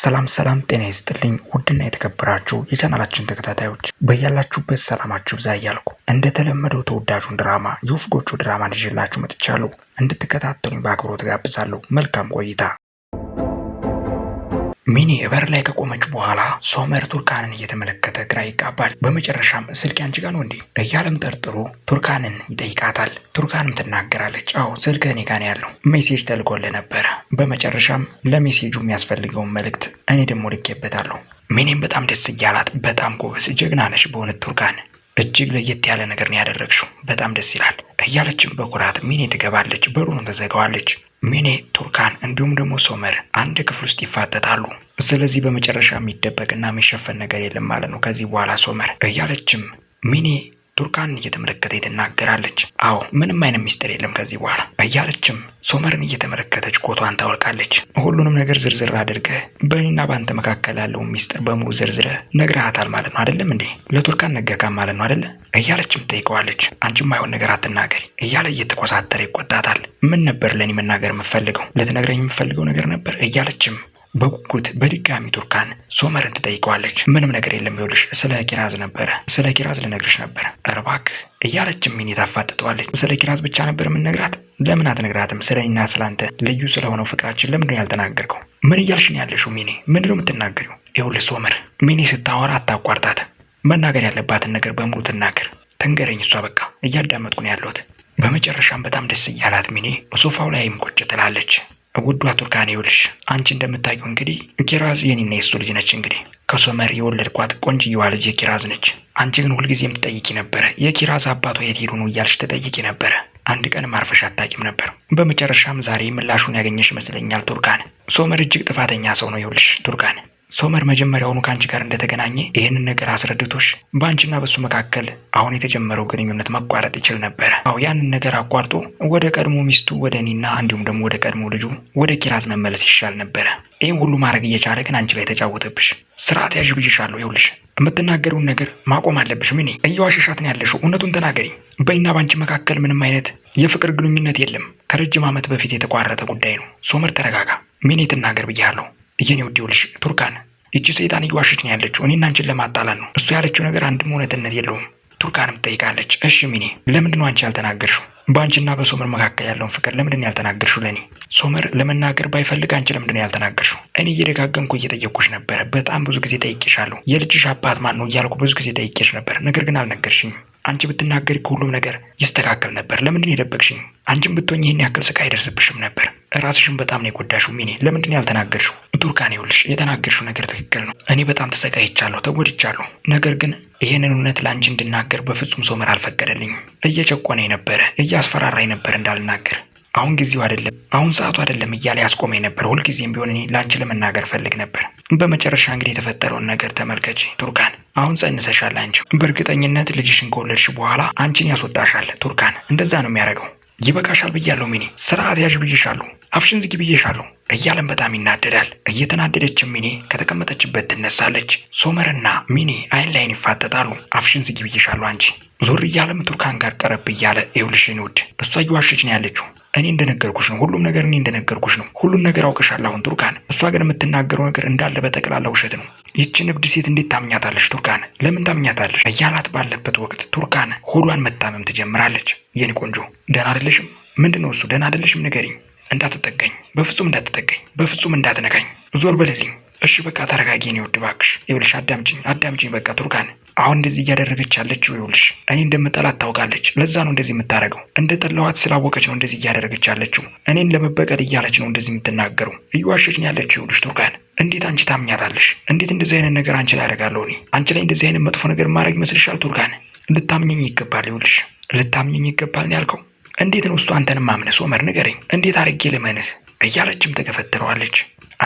ሰላም ሰላም ጤና ይስጥልኝ ውድና የተከበራችሁ የቻናላችን ተከታታዮች በያላችሁበት ሰላማችሁ ብዛ እያልኩ እንደተለመደው ተወዳጁን ድራማ የወፍ ጎጆ ድራማን ይዤላችሁ መጥቻለሁ። እንድትከታተሉኝ በአክብሮት ጋብዛለሁ። መልካም ቆይታ። ሚኒ በር ላይ ከቆመች በኋላ ሶመር ቱርካንን እየተመለከተ ግራ ይጋባል። በመጨረሻም ስልክ ያንቺ ጋር ነው እንዴ እያለም ጠርጥሮ ቱርካንን ይጠይቃታል። ቱርካንም ትናገራለች፣ አዎ ስልክ እኔ ጋር ያለው ሜሴጅ ተልኮልህ ነበረ። በመጨረሻም ለሜሴጁ የሚያስፈልገውን መልእክት እኔ ደግሞ ልኬበታለሁ። ሚኒም በጣም ደስ እያላት፣ በጣም ጎበስ ጀግና ነሽ በእውነት ቱርካን እጅግ ለየት ያለ ነገር ነው ያደረግሽው፣ በጣም ደስ ይላል እያለችም በኩራት ሚኒ ትገባለች። በሩን ተዘጋዋለች። ሚኔ ቱርካን እንዲሁም ደግሞ ሶመር አንድ ክፍል ውስጥ ይፋጠጣሉ። ስለዚህ በመጨረሻ የሚደበቅና የሚሸፈን ነገር የለም ማለት ነው ከዚህ በኋላ ሶመር እያለችም ሚኔ ቱርካን እየተመለከተ ትናገራለች። አዎ ምንም አይነት ሚስጥር የለም ከዚህ በኋላ እያለችም ሶመርን እየተመለከተች ኮቷን ታወልቃለች። ሁሉንም ነገር ዝርዝር አድርገህ በእኔና በአንተ መካከል ያለውን ሚስጥር በሙሉ ዝርዝረህ ነግረሃታል ማለት ነው አይደለም እንዴ? ለቱርካን ነገርካን ማለት ነው አይደለ? እያለችም ጠይቀዋለች። አንቺም አይሆን ነገር አትናገሪ እያለ እየተኮሳተረ ይቆጣታል። ምን ነበር ለእኔ መናገር የምፈልገው? ልትነግረኝ የምፈልገው ነገር ነበር እያለችም በጉጉት በድጋሚ ቱርካን ሶመርን ትጠይቀዋለች። ምንም ነገር የለም ይኸውልሽ፣ ስለ ኪራዝ ነበረ ስለ ኪራዝ ልነግርሽ ነበረ እረባክ እያለችም ሚን ታፋጥጠዋለች። ስለ ኪራዝ ብቻ ነበር የምንነግራት? ለምን አትነግራትም? ስለ እኔና ስላንተ ልዩ ስለሆነው ፍቅራችን ለምንድን ያልተናገርከው? ምን እያልሽ ነው ያለሽው? ሚኔ ምንድን ነው የምትናገሪው? ይኸውልሽ ሶመር፣ ሚኔ ስታወራ አታቋርጣት። መናገር ያለባትን ነገር በሙሉ ትናገር። ተንገረኝ። እሷ በቃ እያዳመጥኩ ነው ያለሁት። በመጨረሻም በጣም ደስ እያላት ሚኔ ሶፋው ላይም ቁጭ ትላለች። ውዷ ቱርካን ይኸውልሽ፣ አንቺ እንደምታዩ እንግዲህ ኪራዝ የኔና የሱ ልጅ ነች። እንግዲህ ከሶመር የወለድኳት ቆንጅየዋ ልጅ የኪራዝ ነች። አንቺ ግን ሁልጊዜም ትጠይቂ ነበረ፣ የኪራዝ አባቷ የት ሄዱ ነው እያልሽ ትጠይቂ ነበረ። አንድ ቀን ማርፈሽ አታቂም ነበር። በመጨረሻም ዛሬ ምላሹን ያገኘሽ ይመስለኛል ቱርካን። ሶመር እጅግ ጥፋተኛ ሰው ነው። ይኸውልሽ ቱርካን ሶመር መጀመሪያውኑ ከአንቺ ጋር እንደተገናኘ ይህንን ነገር አስረድቶሽ በአንቺና በሱ መካከል አሁን የተጀመረው ግንኙነት መቋረጥ ይችል ነበረ። አዎ ያንን ነገር አቋርጦ ወደ ቀድሞ ሚስቱ ወደ እኔና እንዲሁም ደግሞ ወደ ቀድሞ ልጁ ወደ ኪራዝ መመለስ ይሻል ነበረ። ይህም ሁሉ ማድረግ እየቻለ ግን አንቺ ላይ ተጫወተብሽ። ስርዓት ያዥ ብዬሻለሁ። ይኸውልሽ የምትናገሩን ነገር ማቆም አለብሽ። ምን እየዋሸሻትን ያለሽው? እውነቱን ተናገሪኝ። በእኔና በአንቺ መካከል ምንም አይነት የፍቅር ግንኙነት የለም። ከረጅም ዓመት በፊት የተቋረጠ ጉዳይ ነው። ሶመር ተረጋጋ። ሚኔ ትናገር ብያለሁ። የኔ ውድ ይኸውልሽ ቱርካን ይቺ ሰይጣን እየዋሸች ነው ያለችው እኔና አንቺን ለማጣላት ነው። እሱ ያለችው ነገር አንድም እውነትነት የለውም። ቱርካንም ትጠይቃለች፣ እሺ ሚኔ ለምንድን ነው አንቺ ያልተናገርሽው? በአንቺና በሶመር መካከል ያለውን ፍቅር ለምንድን ነው ያልተናገርሽው? ለእኔ ሶመር ለመናገር ባይፈልግ አንቺ ለምንድን ነው ያልተናገርሽው? እኔ እየደጋገምኩ እየጠየቅኩሽ ነበረ። በጣም ብዙ ጊዜ ጠይቄሻለሁ። የልጅሽ አባት ማን ነው እያልኩ ብዙ ጊዜ ጠይቄሽ ነበር፣ ነገር ግን አልነገርሽኝ። አንቺ ብትናገሪ ከሁሉም ነገር ይስተካከል ነበር። ለምንድን የደበቅሽኝ? አንቺም ብትሆኝ ይህን ያክል ስቃይ አይደርስብሽም ነበር። ራስሽን በጣም ነው የጎዳሽው ሚኔ። ለምንድን ያልተናገርሽው? ቱርካን ይኸውልሽ፣ የተናገርሽው ነገር ትክክል ነው። እኔ በጣም ተሰቃይቻለሁ፣ ተጎድቻለሁ። ነገር ግን ይህንን እውነት ለአንቺ እንድናገር በፍጹም ሶመር አልፈቀደልኝም። እየጨቆነኝ ነበረ፣ እያስፈራራኝ ነበር እንዳልናገር አሁን ጊዜው አይደለም፣ አሁን ሰዓቱ አይደለም እያለ ያስቆመኝ ነበር። ሁልጊዜም ቢሆን እኔ ለአንቺ ለመናገር ፈልግ ነበር። በመጨረሻ እንግዲህ የተፈጠረውን ነገር ተመልከች ቱርካን። አሁን ጸንሰሻል። አንቺ። በእርግጠኝነት ልጅሽን ከወለድሽ በኋላ አንቺን ያስወጣሻል ቱርካን። እንደዛ ነው የሚያደርገው። ይበቃሻል ብያለሁ ሚኔ፣ ስርዓት ያዥ ብዬሻለሁ፣ አፍሽን ዝጊ ብዬሻለሁ እያለም በጣም ይናደዳል። እየተናደደች ሚኔ ከተቀመጠችበት ትነሳለች። ሶመርና ሚኔ አይን ላይን ይፋጠጣሉ። አፍሽን ዝጊ ብዬሻለሁ አንቺ። ዞር እያለም ቱርካን ጋር ቀረብ እያለ ይኸውልሽን ውድ፣ እሷ እየዋሸች ነው ያለችው እኔ እንደነገርኩሽ ነው። ሁሉም ነገር እኔ እንደነገርኩሽ ነው። ሁሉም ነገር አውቀሻል አሁን ቱርካን። እሷ ግን የምትናገረው ነገር እንዳለ በጠቅላላ ውሸት ነው። ይችን እብድ ሴት እንዴት ታምኛታለች ቱርካን? ለምን ታምኛታለች? እያላት ባለበት ወቅት ቱርካን ሆዷን መታመም ትጀምራለች። የኔ ቆንጆ ደህና አይደለሽም? ምንድን ነው እሱ? ደህና አይደለሽም? ንገሪኝ። እንዳትጠቀኝ፣ በፍጹም እንዳትጠቀኝ፣ በፍጹም እንዳትነካኝ፣ ዞር በልልኝ። እሺ በቃ ተረጋጊ፣ እኔ ውድ እባክሽ። ይኸውልሽ አዳምጪኝ፣ አዳምጪኝ በቃ ቱርካን። አሁን እንደዚህ እያደረገች ያለችው ይኸውልሽ፣ እኔ እንደምጠላት ታውቃለች። ለዛ ነው እንደዚህ የምታደርገው። እንደ ጠላኋት ስላወቀች ነው እንደዚህ እያደረገች ያለችው። እኔን ለመበቀል እያለች ነው እንደዚህ የምትናገሩ። እየዋሸች ነው ያለችው። ይኸውልሽ ቱርካን እንዴት አንቺ ታምኛታለሽ? እንዴት እንደዚህ አይነት ነገር አንቺ ላይ አደርጋለሁ እኔ? አንቺ ላይ እንደዚህ አይነት መጥፎ ነገር ማድረግ ይመስልሻል? ቱርካን ልታምኘኝ ይገባል። ይኸውልሽ ልታምኘኝ ይገባል ነው ያልከው። እንዴት ነው እሱ አንተን ማምነስ? ሶመር ንገረኝ፣ እንዴት አድርጌ ልመንህ? እያለችም ተገፈትረዋለች።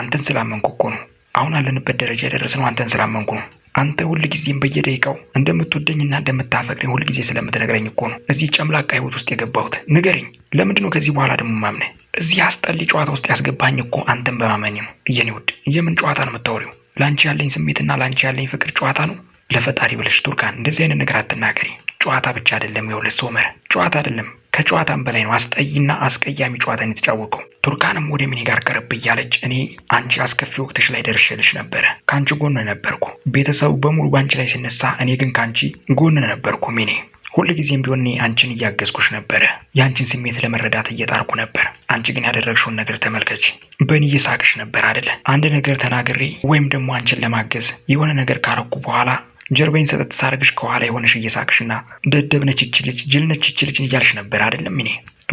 አንተን ስላመንኩ እኮ ነው አሁን አለንበት ደረጃ የደረስነው አንተን ስላመንኩ ነው። አንተ ጊዜም በየደቂቃው እንደምትወደኝና እንደምታፈቅረኝ ጊዜ ስለምትነግረኝ እኮ ነው እዚህ ጨምላቃ ህይወት ውስጥ የገባሁት። ንገረኝ፣ ለምንድን ነው ከዚህ በኋላ ደግሞ ማምነህ እዚህ አስጠሊ ጨዋታ ውስጥ ያስገባኝ እኮ አንተን በማመኝ ነው። እየኔ ውድ፣ የምን ጨዋታ ነው የምታወሪው? ለአንቺ ያለኝ ስሜትና ለአንቺ ያለኝ ፍቅር ጨዋታ ነው? ለፈጣሪ ብለሽ ቱርካን እንደዚህ አይነት ነገር አትናገሪ። ጨዋታ ብቻ አይደለም፣ የሁለት ሰው ጨዋታ አይደለም፣ ከጨዋታም በላይ ነው። አስጠይና አስቀያሚ ጨዋታን የተጫወቀው ቱርካንም ወደ ሚኔ ጋር ቀረብ እያለች እኔ አንቺ አስከፊ ወቅትሽ ላይ ደርሼልሽ ነበረ። ከአንቺ ጎን ነበርኩ። ቤተሰቡ በሙሉ በአንቺ ላይ ሲነሳ፣ እኔ ግን ከአንቺ ጎን ነበርኩ ሁል ጊዜም ቢሆን እኔ አንቺን እያገዝኩሽ ነበረ። የአንቺን ስሜት ለመረዳት እየጣርኩ ነበር። አንቺ ግን ያደረግሽውን ነገር ተመልከች። በእኔ እየሳቅሽ ነበር አደለ? አንድ ነገር ተናግሬ ወይም ደግሞ አንቺን ለማገዝ የሆነ ነገር ካረኩ በኋላ ጀርባዬን ሰጠት ሳርግሽ ከኋላ የሆነሽ እየሳቅሽና ደደብነች ይች ልጅ ጅልነች ይች እያልሽ ነበር አደለም? እኔ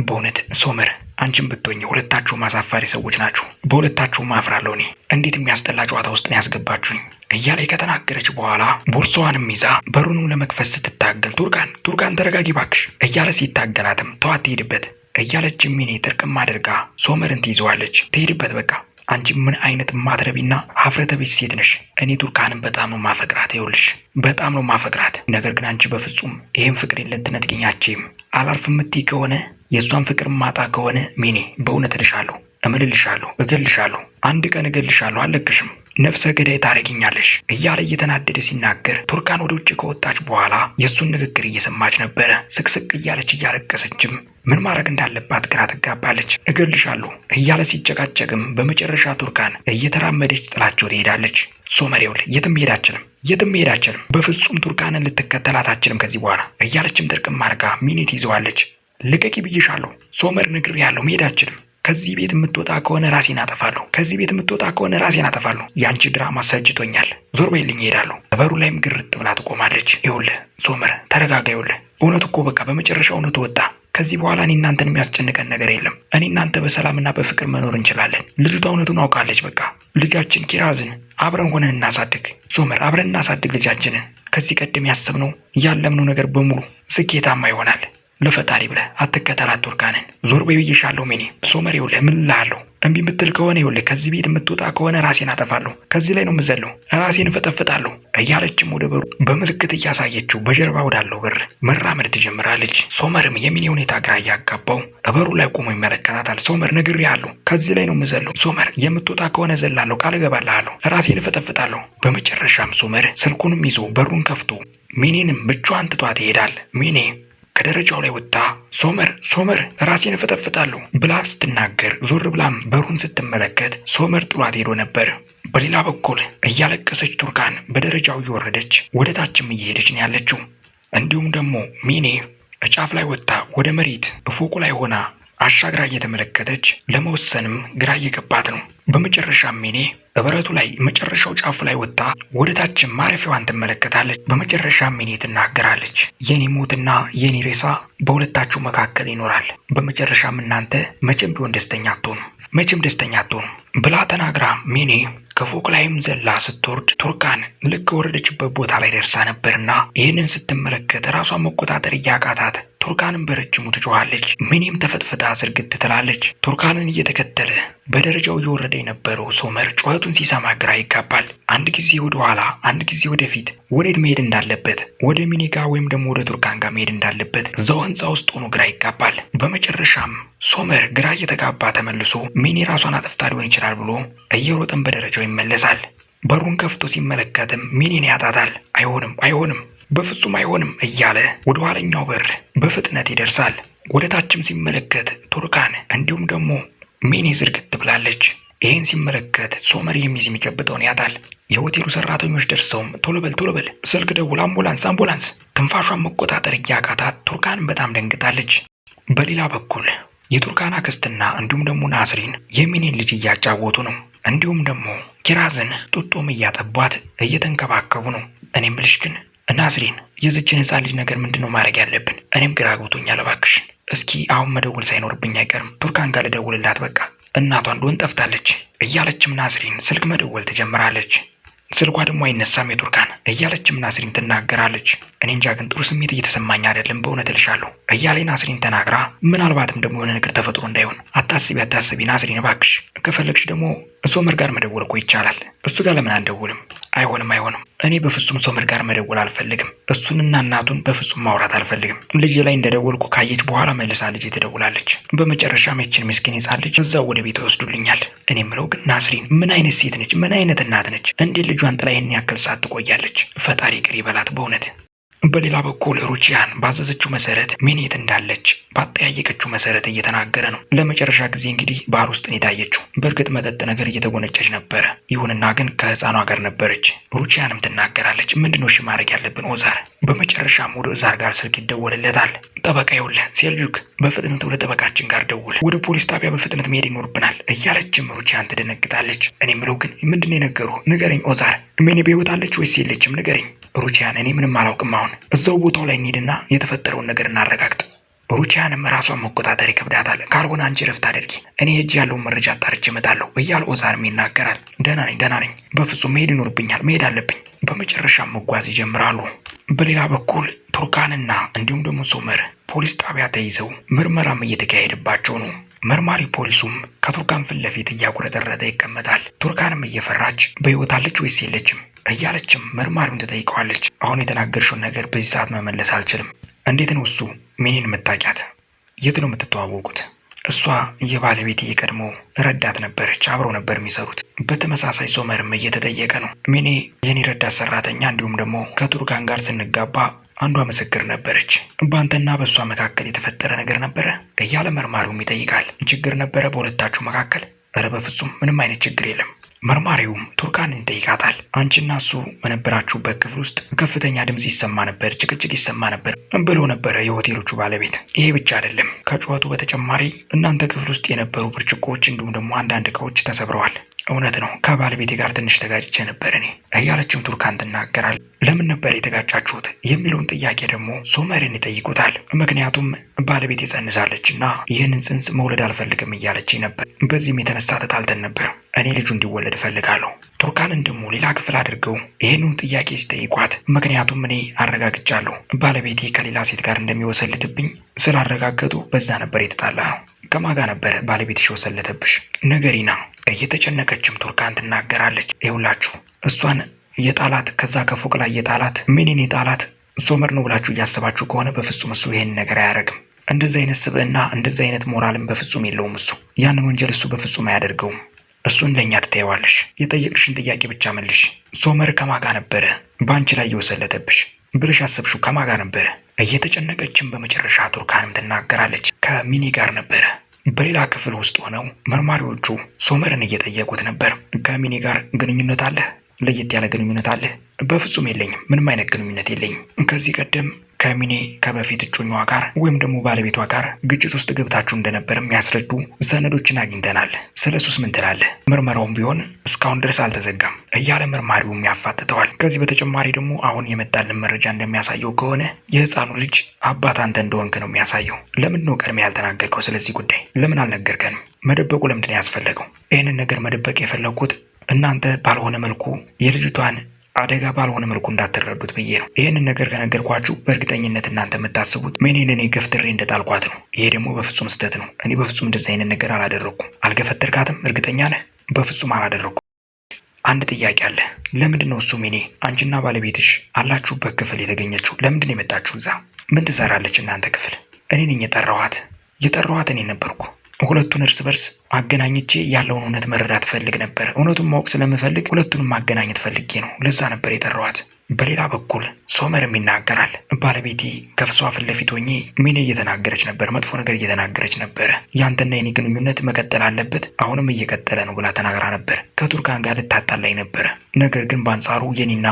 በእውነት ሶመር አንቺም ብትሆኝ ሁለታችሁ ማሳፋሪ ሰዎች ናችሁ። በሁለታችሁ አፍራለሁ። እኔ እንዴት የሚያስጠላ ጨዋታ ውስጥ ነው ያስገባችሁኝ እያለ ከተናገረች በኋላ ቦርሳዋንም ይዛ በሩንም ለመክፈት ስትታገል ቱርካን ቱርካን ተረጋጊ ባክሽ እያለ ሲታገላትም ተዋት ትሄድበት እያለች ሚኔ ጥርቅም አድርጋ ሶመርን ትይዘዋለች። ትሄድበት በቃ አንቺ ምን አይነት ማትረቢና ሀፍረተ ሴት ነሽ? እኔ ቱርካንን በጣም ነው ማፈቅራት። ይኸውልሽ በጣም ነው ማፈቅራት። ነገር ግን አንቺ በፍጹም ይህም ፍቅር የለን ትነጥቅኛችም አላልፍ የምትይ ከሆነ የእሷን ፍቅር ማጣ ከሆነ ሚኔ በእውነት እልሻለሁ፣ እምልልሻለሁ፣ እገልሻለሁ፣ አንድ ቀን እገልሻለሁ፣ አልለቅሽም፣ ነፍሰ ገዳይ ታደርጊኛለሽ እያለ እየተናደደ ሲናገር ቱርካን ወደ ውጭ ከወጣች በኋላ የእሱን ንግግር እየሰማች ነበረ። ስቅስቅ እያለች እያለቀሰችም ምን ማድረግ እንዳለባት ግራ ትጋባለች። እገልሻለሁ እያለ ሲጨቃጨቅም በመጨረሻ ቱርካን እየተራመደች ጥላቸው ትሄዳለች። ሶመሬውል የትም መሄድ አችልም፣ የትም መሄድ አችልም፣ በፍጹም ቱርካንን ልትከተላት አችልም ከዚህ በኋላ እያለችም ጥርቅም አድርጋ ሚኒት ይዘዋለች። ልቀቂ ብይሻለሁ። ሶመር ያለው መሄድ አልችልም። ከዚህ ቤት የምትወጣ ከሆነ ራሴን አጠፋለሁ። ከዚህ ቤት የምትወጣ ከሆነ ራሴን አጠፋለሁ። የአንቺ ድራማ ሰጅቶኛል። ዞር በይልኝ፣ እሄዳለሁ። በሩ ላይም ግርጥ ብላ ትቆማለች። ይኸውልህ ሶመር ተረጋጋ። ይኸውልህ እውነት እኮ በቃ በመጨረሻ እውነቱ ወጣ። ከዚህ በኋላ እኔ እናንተን የሚያስጨንቀን ነገር የለም። እኔ እናንተ በሰላምና በፍቅር መኖር እንችላለን። ልጅቷ እውነቱን አውቃለች። በቃ ልጃችን ኪራዝን አብረን ሆነን እናሳድግ። ሶመር አብረን እናሳድግ ልጃችንን። ከዚህ ቀደም ያሰብነው ያለምነው ነገር በሙሉ ስኬታማ ይሆናል። ለፈጣሪ ብለህ አትከተላት ቱርካንን። ዞር በይ ብዬሻለሁ ሚኒ። ሶመር ይኸውልህ ምን እልሃለሁ እምቢ ምትል ከሆነ ይኸውልህ ከዚህ ቤት የምትወጣ ከሆነ ራሴን አጠፋለሁ፣ ከዚህ ላይ ነው የምዘለው፣ ራሴን እፈጠፍጣለሁ እያለችም ወደ በሩ በምልክት እያሳየችው በጀርባ ወዳለው በር መራመድ ትጀምራለች። ሶመርም የሚኒ ሁኔታ ግራ እያጋባው በሩ ላይ ቆሞ ይመለከታታል። ሶመር ነግሬሃለሁ፣ ከዚህ ላይ ነው የምዘለው፣ ሶመር የምትወጣ ከሆነ ዘላለሁ፣ ቃል እገባልሃለሁ፣ ራሴን እፈጠፍጣለሁ። በመጨረሻም ሶመር ስልኩንም ይዞ በሩን ከፍቶ ሚኔንም ብቻዋን ትቷት ይሄዳል። ሚኔ ከደረጃው ላይ ወጥታ ሶመር ሶመር ራሴን እፈጠፍጣለሁ ብላ ስትናገር ዞር ብላም በሩን ስትመለከት ሶመር ጥሏት ሄዶ ነበር። በሌላ በኩል እያለቀሰች ቱርካን በደረጃው እየወረደች ወደ ታችም እየሄደች ነው ያለችው። እንዲሁም ደግሞ ሚኔ እጫፍ ላይ ወጥታ ወደ መሬት እፎቁ ላይ ሆና አሻግራ እየተመለከተች ለመወሰንም ግራ እየገባት ነው። በመጨረሻም ሚኔ በበረቱ ላይ መጨረሻው ጫፉ ላይ ወጣ ወደ ታችን ማረፊያዋን ትመለከታለች። በመጨረሻም እኔ ትናገራለች፣ የኔ ሞትና የኔ ሬሳ በሁለታችሁ መካከል ይኖራል። በመጨረሻም እናንተ መቼም ቢሆን ደስተኛ አትሆኑ፣ መቼም ደስተኛ አትሆኑ ብላ ተናግራ ሜኔ ከፎቅ ላይም ዘላ ስትወርድ ቱርካን ልክ ወረደችበት ቦታ ላይ ደርሳ ነበርና ይህንን ስትመለከት ራሷን መቆጣጠር እያቃታት ቱርካንም በረጅሙ ትጮኋለች። ሚኒም ተፈጥፍታ ዝርግት ትላለች። ቱርካንን እየተከተለ በደረጃው እየወረደ የነበረው ሶመር ጩኸቱን ሲሰማ ግራ ይጋባል። አንድ ጊዜ ወደ ኋላ፣ አንድ ጊዜ ወደፊት፣ ወዴት መሄድ እንዳለበት ወደ ሚኒ ጋ ወይም ደግሞ ወደ ቱርካን ጋር መሄድ እንዳለበት እዛው ህንፃ ውስጥ ሆኖ ግራ ይጋባል። በመጨረሻም ሶመር ግራ እየተጋባ ተመልሶ ሚኒ ራሷን አጠፍታ ሊሆን ይችላል ብሎ እየሮጠን በደረጃው ይመለሳል። በሩን ከፍቶ ሲመለከትም ሚኒን ያጣታል። አይሆንም አይሆንም በፍጹም አይሆንም እያለ ወደ ኋለኛው በር በፍጥነት ይደርሳል። ወደ ታችም ሲመለከት ቱርካን እንዲሁም ደግሞ ሜኔ ዝርግት ብላለች። ይህን ሲመለከት ሶመር የሚዝ የሚጨብጠውን ያጣል። የሆቴሉ ሰራተኞች ደርሰውም ቶሎበል ቶሎበል ስልክ ደውል፣ አምቡላንስ አምቡላንስ። ትንፋሿን መቆጣጠር እያቃታት ቱርካን በጣም ደንግጣለች። በሌላ በኩል የቱርካን አክስትና እንዲሁም ደግሞ ናስሪን የሚኔን ልጅ እያጫወቱ ነው። እንዲሁም ደግሞ ኪራዝን ጡጦም እያጠቧት እየተንከባከቡ ነው። እኔ ምልሽ ግን ናዝሬን የዝችን ህፃን ልጅ ነገር ምንድን ነው ማድረግ ያለብን? እኔም ግራ ገብቶኛል። እባክሽን እስኪ አሁን መደወል ሳይኖርብኝ አይቀርም። ቱርካን ጋር ልደውልላት በቃ እናቷ እንደሆን ጠፍታለች እያለችም ናስሪን ስልክ መደወል ትጀምራለች። ስልኳ ደግሞ አይነሳም የቱርካን እያለችም ናስሪን ትናገራለች። እኔ እንጃ ግን ጥሩ ስሜት እየተሰማኝ አይደለም፣ በእውነት እልሻለሁ እያለኝ ናስሪን ተናግራ ምናልባትም ደግሞ የሆነ ነገር ተፈጥሮ እንዳይሆን አታስቢ፣ አታስቢ ናስሪን እባክሽ። ከፈለግሽ ደግሞ እሶመር ጋር መደወል እኮ ይቻላል። እሱ ጋር ለምን አንደውልም? አይሆንም አይሆንም፣ እኔ በፍጹም ሶመር ጋር መደወል አልፈልግም። እሱንና እናቱን በፍጹም ማውራት አልፈልግም። ልጅ ላይ እንደደወልኩ ካየች በኋላ መልሳ ልጅ ትደውላለች። በመጨረሻ መችን ምስኪን ሕፃን ልጅ እዛው ወደ ቤት ወስዱልኛል። እኔ ምለው ግን ናስሪን ምን አይነት ሴት ነች? ምን አይነት እናት ነች? እንዴት ልጇን ጥላ ይህን ያክል ሰዓት ትቆያለች? ፈጣሪ ይቅር ይበላት በእውነት። በሌላ በኩል ሩቺያን ባዘዘችው መሰረት ሜኔት እንዳለች ባጠያየቀችው መሰረት እየተናገረ ነው። ለመጨረሻ ጊዜ እንግዲህ ባር ውስጥ ነው የታየችው። በእርግጥ መጠጥ ነገር እየተጎነጨች ነበረ። ይሁንና ግን ከህፃኗ ጋር ነበረች። ሩቺያንም ትናገራለች። ምንድነው እሺ ማድረግ ያለብን ኦዛር? በመጨረሻም ወደ ኦዛር ጋር ስልክ ይደወልለታል። ጠበቃ ይኸውልህ፣ ሴልጁክ በፍጥነት ወደ ጠበቃችን ጋር ደውል፣ ወደ ፖሊስ ጣቢያ በፍጥነት መሄድ ይኖርብናል እያለችም ሩቺያን ትደነግጣለች። እኔ ምለው ግን ምንድነው የነገሩ? ንገረኝ ኦዛር፣ ሜኔ በህይወት አለች ወይስ የለችም? ንገረኝ ሩቺያን እኔ ምንም አላውቅም። አሁን እዛው ቦታው ላይ እንሂድና የተፈጠረውን ነገር እናረጋግጥ። ሩቺያንም ራሷን መቆጣጠር ይከብዳታል። ካልሆነ አንቺ ረፍት አድርጊ፣ እኔ እጅ ያለውን መረጃ አጣርቼ እመጣለሁ እያለ ኦዛርም ይናገራል። ደህና ነኝ፣ ደህና ነኝ፣ በፍጹም መሄድ ይኖርብኛል፣ መሄድ አለብኝ። በመጨረሻም መጓዝ ይጀምራሉ። በሌላ በኩል ቱርካንና እንዲሁም ደግሞ ሶመር ፖሊስ ጣቢያ ተይዘው ምርመራም እየተካሄደባቸው ነው። መርማሪ ፖሊሱም ከቱርካን ፊት ለፊት እያጉረጠረጠ ይቀመጣል። ቱርካንም እየፈራች በሕይወት አለች ወይስ የለችም እያለችም መርማሪውን ትጠይቀዋለች። አሁን የተናገርሽውን ነገር በዚህ ሰዓት መመለስ አልችልም። እንዴት ነው እሱ ሚኒን የምታውቂያት? የት ነው የምትተዋወቁት? እሷ የባለቤት የቀድሞ ረዳት ነበረች። አብረው ነበር የሚሰሩት። በተመሳሳይ ሶመርም እየተጠየቀ ነው። ሚኒ የኔ ረዳት ሰራተኛ እንዲሁም ደግሞ ከቱርካን ጋር ስንጋባ አንዷ ምስክር ነበረች። በአንተና በእሷ መካከል የተፈጠረ ነገር ነበረ እያለ መርማሪውም ይጠይቃል። ችግር ነበረ በሁለታችሁ መካከል? እረ በፍጹም ምንም አይነት ችግር የለም። መርማሪውም ቱርካንን ይጠይቃታል። አንቺና እሱ በነበራችሁበት ክፍል ውስጥ ከፍተኛ ድምፅ ይሰማ ነበር፣ ጭቅጭቅ ይሰማ ነበር ብሎ ነበረ የሆቴሎቹ ባለቤት። ይሄ ብቻ አይደለም፣ ከጩኸቱ በተጨማሪ እናንተ ክፍል ውስጥ የነበሩ ብርጭቆዎች እንዲሁም ደግሞ አንዳንድ ዕቃዎች ተሰብረዋል። እውነት ነው ከባለቤቴ ጋር ትንሽ ተጋጭቼ ነበር እኔ እያለችም ቱርካን ትናገራል። ለምን ነበር የተጋጫችሁት የሚለውን ጥያቄ ደግሞ ሶመርን ይጠይቁታል። ምክንያቱም ባለቤቴ ጸንሳለች እና ይህንን ጽንስ መውለድ አልፈልግም እያለች ነበር። በዚህም የተነሳ ተጣልተን ነበር። እኔ ልጁ እንዲወለድ እፈልጋለሁ። ቱርካንን ደግሞ ሌላ ክፍል አድርገው ይህንን ጥያቄ ሲጠይቋት ምክንያቱም እኔ አረጋግጫለሁ ባለቤቴ ከሌላ ሴት ጋር እንደሚወሰልትብኝ ስላረጋገጡ በዛ ነበር የተጣላ ነው። ከማጋ ነበረ ባለቤትሽ ወሰለተብሽ? ነገሪና እየተጨነቀችም ቱርካን ትናገራለች። ይውላችሁ እሷን የጣላት ከዛ ከፎቅ ላይ የጣላት ሚኒን የጣላት ሶመር ነው ብላችሁ እያሰባችሁ ከሆነ በፍጹም እሱ ይሄን ነገር አያደርግም። እንደዚህ አይነት ስብዕና እንደዚህ አይነት ሞራልም በፍጹም የለውም። እሱ ያንን ወንጀል እሱ በፍጹም አያደርገውም። እሱን ለእኛ ትተየዋለሽ። የጠየቅሽን ጥያቄ ብቻ መልሽ። ሶመር ከማጋ ነበረ በአንቺ ላይ እየወሰለተብሽ ብልሽ አሰብሹ ከማጋ ነበረ። እየተጨነቀችም በመጨረሻ ቱርካንም ትናገራለች ከሚኒ ጋር ነበረ በሌላ ክፍል ውስጥ ሆነው መርማሪዎቹ ሶመርን እየጠየቁት ነበር። ከሚኒ ጋር ግንኙነት አለህ ለየት ያለ ግንኙነት አለ? በፍጹም የለኝም። ምንም አይነት ግንኙነት የለኝም። ከዚህ ቀደም ከሚኔ ከበፊት እጮኛዋ ጋር ወይም ደግሞ ባለቤቷ ጋር ግጭት ውስጥ ገብታችሁ እንደነበር የሚያስረዱ ሰነዶችን አግኝተናል። ስለ እሱስ ምን ትላለህ? ምርመራውም ቢሆን እስካሁን ድረስ አልተዘጋም እያለ ምርማሪውም ያፋጥተዋል። ከዚህ በተጨማሪ ደግሞ አሁን የመጣልን መረጃ እንደሚያሳየው ከሆነ የህፃኑ ልጅ አባት አንተ እንደሆንክ ነው የሚያሳየው። ለምን ነው ቀድሜ ያልተናገርከው? ስለዚህ ጉዳይ ለምን አልነገርከንም? መደበቁ ለምንድን ያስፈለገው? ይህንን ነገር መደበቅ የፈለግኩት እናንተ ባልሆነ መልኩ የልጅቷን አደጋ ባልሆነ መልኩ እንዳትረዱት ብዬ ነው ይህንን ነገር ከነገርኳችሁ። በእርግጠኝነት እናንተ የምታስቡት ሜኔን እኔ ገፍትሬ እንደጣልኳት ነው። ይሄ ደግሞ በፍጹም ስህተት ነው። እኔ በፍጹም እንደዚህ አይነት ነገር አላደረግኩም። አልገፈተርካትም። እርግጠኛ ነህ? በፍጹም አላደረግኩም። አንድ ጥያቄ አለ። ለምንድን ነው እሱ ሜኔ አንቺና ባለቤትሽ አላችሁበት ክፍል የተገኘችው? ለምንድን ነው የመጣችሁ? እዛ ምን ትሰራለች እናንተ ክፍል? እኔ ነኝ የጠራኋት። የጠራኋት እኔ ነበርኩ። ሁለቱን እርስ በርስ አገናኝቼ ያለውን እውነት መረዳት ፈልግ ነበር። እውነቱን ማወቅ ስለምፈልግ ሁለቱንም ማገናኘት ፈልጌ ነው። ለዛ ነበር የጠራዋት። በሌላ በኩል ሶመርም ይናገራል። ባለቤቴ ከፍሷ ፊት ለፊት ሆኜ ሚን እየተናገረች ነበር፣ መጥፎ ነገር እየተናገረች ነበረ። ያንተና የኔ ግንኙነት መቀጠል አለበት፣ አሁንም እየቀጠለ ነው ብላ ተናግራ ነበር። ከቱርካን ጋር ልታጣላይ ነበረ። ነገር ግን በአንጻሩ የኔና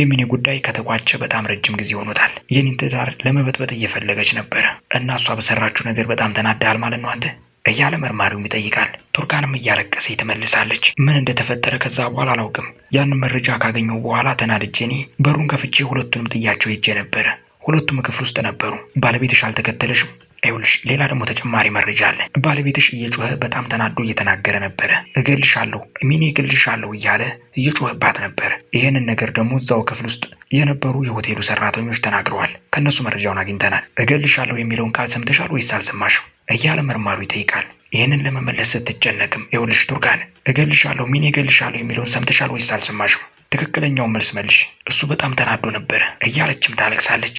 የሚኔ ጉዳይ ከተቋጨ በጣም ረጅም ጊዜ ሆኖታል። የኔን ትዳር ለመበጥበጥ እየፈለገች ነበረ እና እሷ በሰራችው ነገር በጣም ተናዳል ማለት ነው አንተ እያለ መርማሪውም ይጠይቃል። ቱርካንም እያለቀሰ ትመልሳለች። ምን እንደተፈጠረ ከዛ በኋላ አላውቅም። ያንን መረጃ ካገኘው በኋላ ተናድጄ እኔ በሩን ከፍቼ ሁለቱንም ጥያቸው ሄጄ ነበረ። ሁለቱም ክፍል ውስጥ ነበሩ። ባለቤትሽ አልተከተለሽም? ይኸውልሽ ሌላ ደግሞ ተጨማሪ መረጃ አለ። ባለቤትሽ እየጮኸ በጣም ተናዶ እየተናገረ ነበረ። እገልሻለሁ፣ ሚኔ እገልሻለሁ እያለ እየጮኸባት ነበር። ይህንን ነገር ደግሞ እዛው ክፍል ውስጥ የነበሩ የሆቴሉ ሰራተኞች ተናግረዋል። ከእነሱ መረጃውን አግኝተናል። እገልሻለሁ የሚለውን ቃል ሰምተሻል ወይስ አልሰማሽም? እያለ መርማሩ ይጠይቃል። ይህንን ለመመለስ ስትጨነቅም ይኸውልሽ ቱርካን እገልሻለሁ፣ ሚኔ እገልሻለሁ የሚለውን ሰምተሻል ወይስ አልሰማሽም? ትክክለኛውን መልስ መልሽ፣ እሱ በጣም ተናዶ ነበረ እያለችም ታለቅሳለች።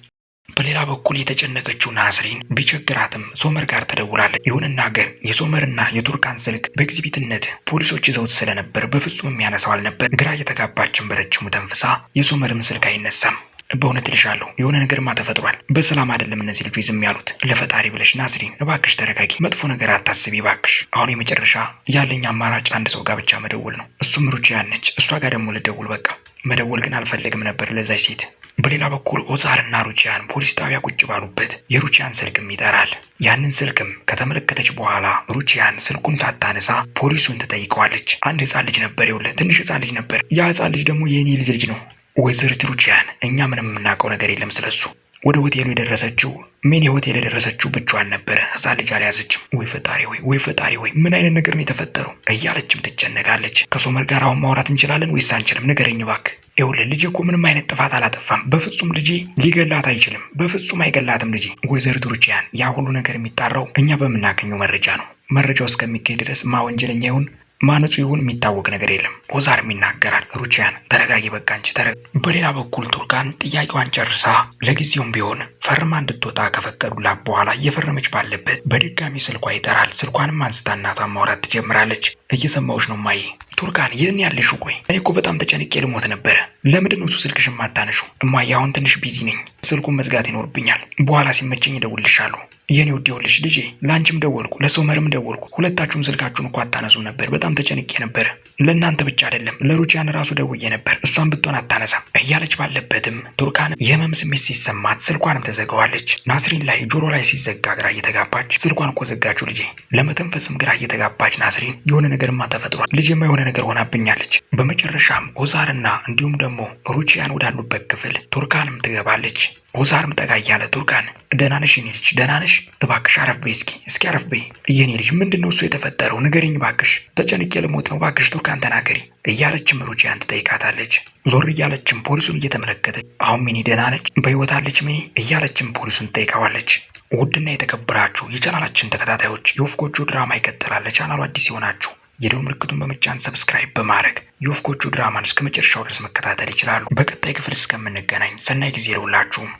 በሌላ በኩል የተጨነቀችው ናስሪን ቢቸግራትም ሶመር ጋር ተደውላለች። ይሁንና ግን የሶመርና የቱርካን ስልክ በኤግዚቢትነት ፖሊሶች ይዘውት ስለነበር በፍጹም የሚያነሳው አልነበር። ግራ እየተጋባችን በረጅሙ ተንፍሳ የሶመርም ስልክ አይነሳም። በእውነት ልሻለሁ የሆነ ነገርማ ተፈጥሯል። በሰላም አይደለም እነዚህ ልጆች ዝም ያሉት። ለፈጣሪ ብለሽ ናስሪን እባክሽ ተረጋጊ፣ መጥፎ ነገር አታስቢ እባክሽ። አሁን የመጨረሻ ያለኝ አማራጭ አንድ ሰው ጋር ብቻ መደወል ነው። እሱም ሩቺያ ነች። እሷ ጋር ደግሞ ልደውል በቃ። መደወል ግን አልፈልግም ነበር ለዛች ሴት። በሌላ በኩል ኦዛርና ሩቺያን ፖሊስ ጣቢያ ቁጭ ባሉበት የሩቺያን ስልክም ይጠራል። ያንን ስልክም ከተመለከተች በኋላ ሩቺያን ስልኩን ሳታነሳ ፖሊሱን ትጠይቀዋለች። አንድ ህፃን ልጅ ነበር፣ ይኸውልህ ትንሽ ህፃን ልጅ ነበር። ያ ህፃን ልጅ ደግሞ የእኔ ልጅ ልጅ ነው ወይዘሪት ሩቺያን እኛ ምንም የምናውቀው ነገር የለም ስለሱ። ወደ ሆቴሉ የደረሰችው ሜኔ ሆቴል የደረሰችው ብቻዋን ነበረ። ሕፃን ልጅ አልያዘችም። ወይ ፈጣሪ ወይ ወይ ፈጣሪ ወይ ምን አይነት ነገር ነው የተፈጠሩ እያለችም ትጨነቃለች። ከሶመር ጋር አሁን ማውራት እንችላለን ወይስ አንችልም? ንገረኝ እባክህ። ይኸውልህ ልጄ እኮ ምንም አይነት ጥፋት አላጠፋም። በፍጹም ልጄ ሊገላት አይችልም። በፍጹም አይገላትም ልጄ። ወይዘሪት ሩቺያን ያ ሁሉ ነገር የሚጣራው እኛ በምናገኘው መረጃ ነው። መረጃው እስከሚገኝ ድረስ ማ ወንጀለኛ ይሁን ማነጹ ይሁን የሚታወቅ ነገር የለም። ኦዛርም ይናገራል። ሩቺያን ተረጋጊ፣ በቃ ተረ በሌላ በኩል ቱርካን ጥያቄዋን ጨርሳ ለጊዜውም ቢሆን ፈርማ እንድትወጣ ከፈቀዱላት በኋላ እየፈረመች ባለበት በድጋሚ ስልኳ ይጠራል። ስልኳንም አንስታ እናቷን ማውራት ትጀምራለች። እየሰማዎች ነው ማይ ቱርካን ይህን ያለሽ? ቆይ እኔ እኮ በጣም ተጨንቄ ልሞት ነበረ። ለምንድን ነው እሱ ስልክሽ የማታነሺው? እማዬ አሁን ትንሽ ቢዚ ነኝ፣ ስልኩን መዝጋት ይኖርብኛል። በኋላ ሲመቸኝ እደውልልሻለሁ። የኔ ውድ የወልሽ ልጄ ለአንቺም ደወልኩ ለሶመርም ደወልኩ። ሁለታችሁም ስልካችሁን እኮ አታነሱም ነበር። በጣም ተጨንቄ ነበረ። ለእናንተ ብቻ አይደለም ለሩቺያን ራሱ ደውዬ ነበር። እሷን ብትሆን አታነሳም እያለች ባለበትም ቱርካን የህመም ስሜት ሲሰማት ስልኳንም ተዘጋዋለች። ናስሪን ላይ ጆሮ ላይ ሲዘጋ ግራ እየተጋባች ስልኳን እኮ ዘጋችሁ ልጄ። ለመተንፈስም ግራ እየተጋባች ናስሪን የሆነ ነገርማ ተፈጥሯል ልጄማ የሆነ ነገር ሆናብኛለች። በመጨረሻም ኦዛርና እንዲሁም ደግሞ ሩቺያን ወዳሉበት ክፍል ቱርካንም ትገባለች። ኦዛርም ጠጋ እያለ ቱርካን ደህና ነሽ የኔ ልጅ ደህና ነሽ? እባክሽ አረፍ በይ እስኪ እስኪ አረፍ በይ የኔ ልጅ ምንድን ነው እሱ የተፈጠረው ንገሪኝ እባክሽ ተጨንቄ ልሞት ነው እባክሽ ቱርካን ተናገሪ እያለችም ሩቺያን ትጠይቃታለች። ዞር እያለችም ፖሊሱን እየተመለከተች አሁን ሚኒ ደህና ነች በሕይወት አለች ሚኒ እያለችም ፖሊሱን ትጠይቀዋለች። ውድና የተከበራችሁ የቻናላችን ተከታታዮች የወፍ ጎጆ ድራማ ይቀጥላል። ለቻናሉ አዲስ ይሆናችሁ የደወል ምልክቱን በመጫን ሰብስክራይብ በማድረግ የወፍ ጎጆ ድራማን እስከ መጨረሻው ድረስ መከታተል ይችላሉ። በቀጣይ ክፍል እስከምንገናኝ ሰናይ ጊዜ ይለውላችሁም።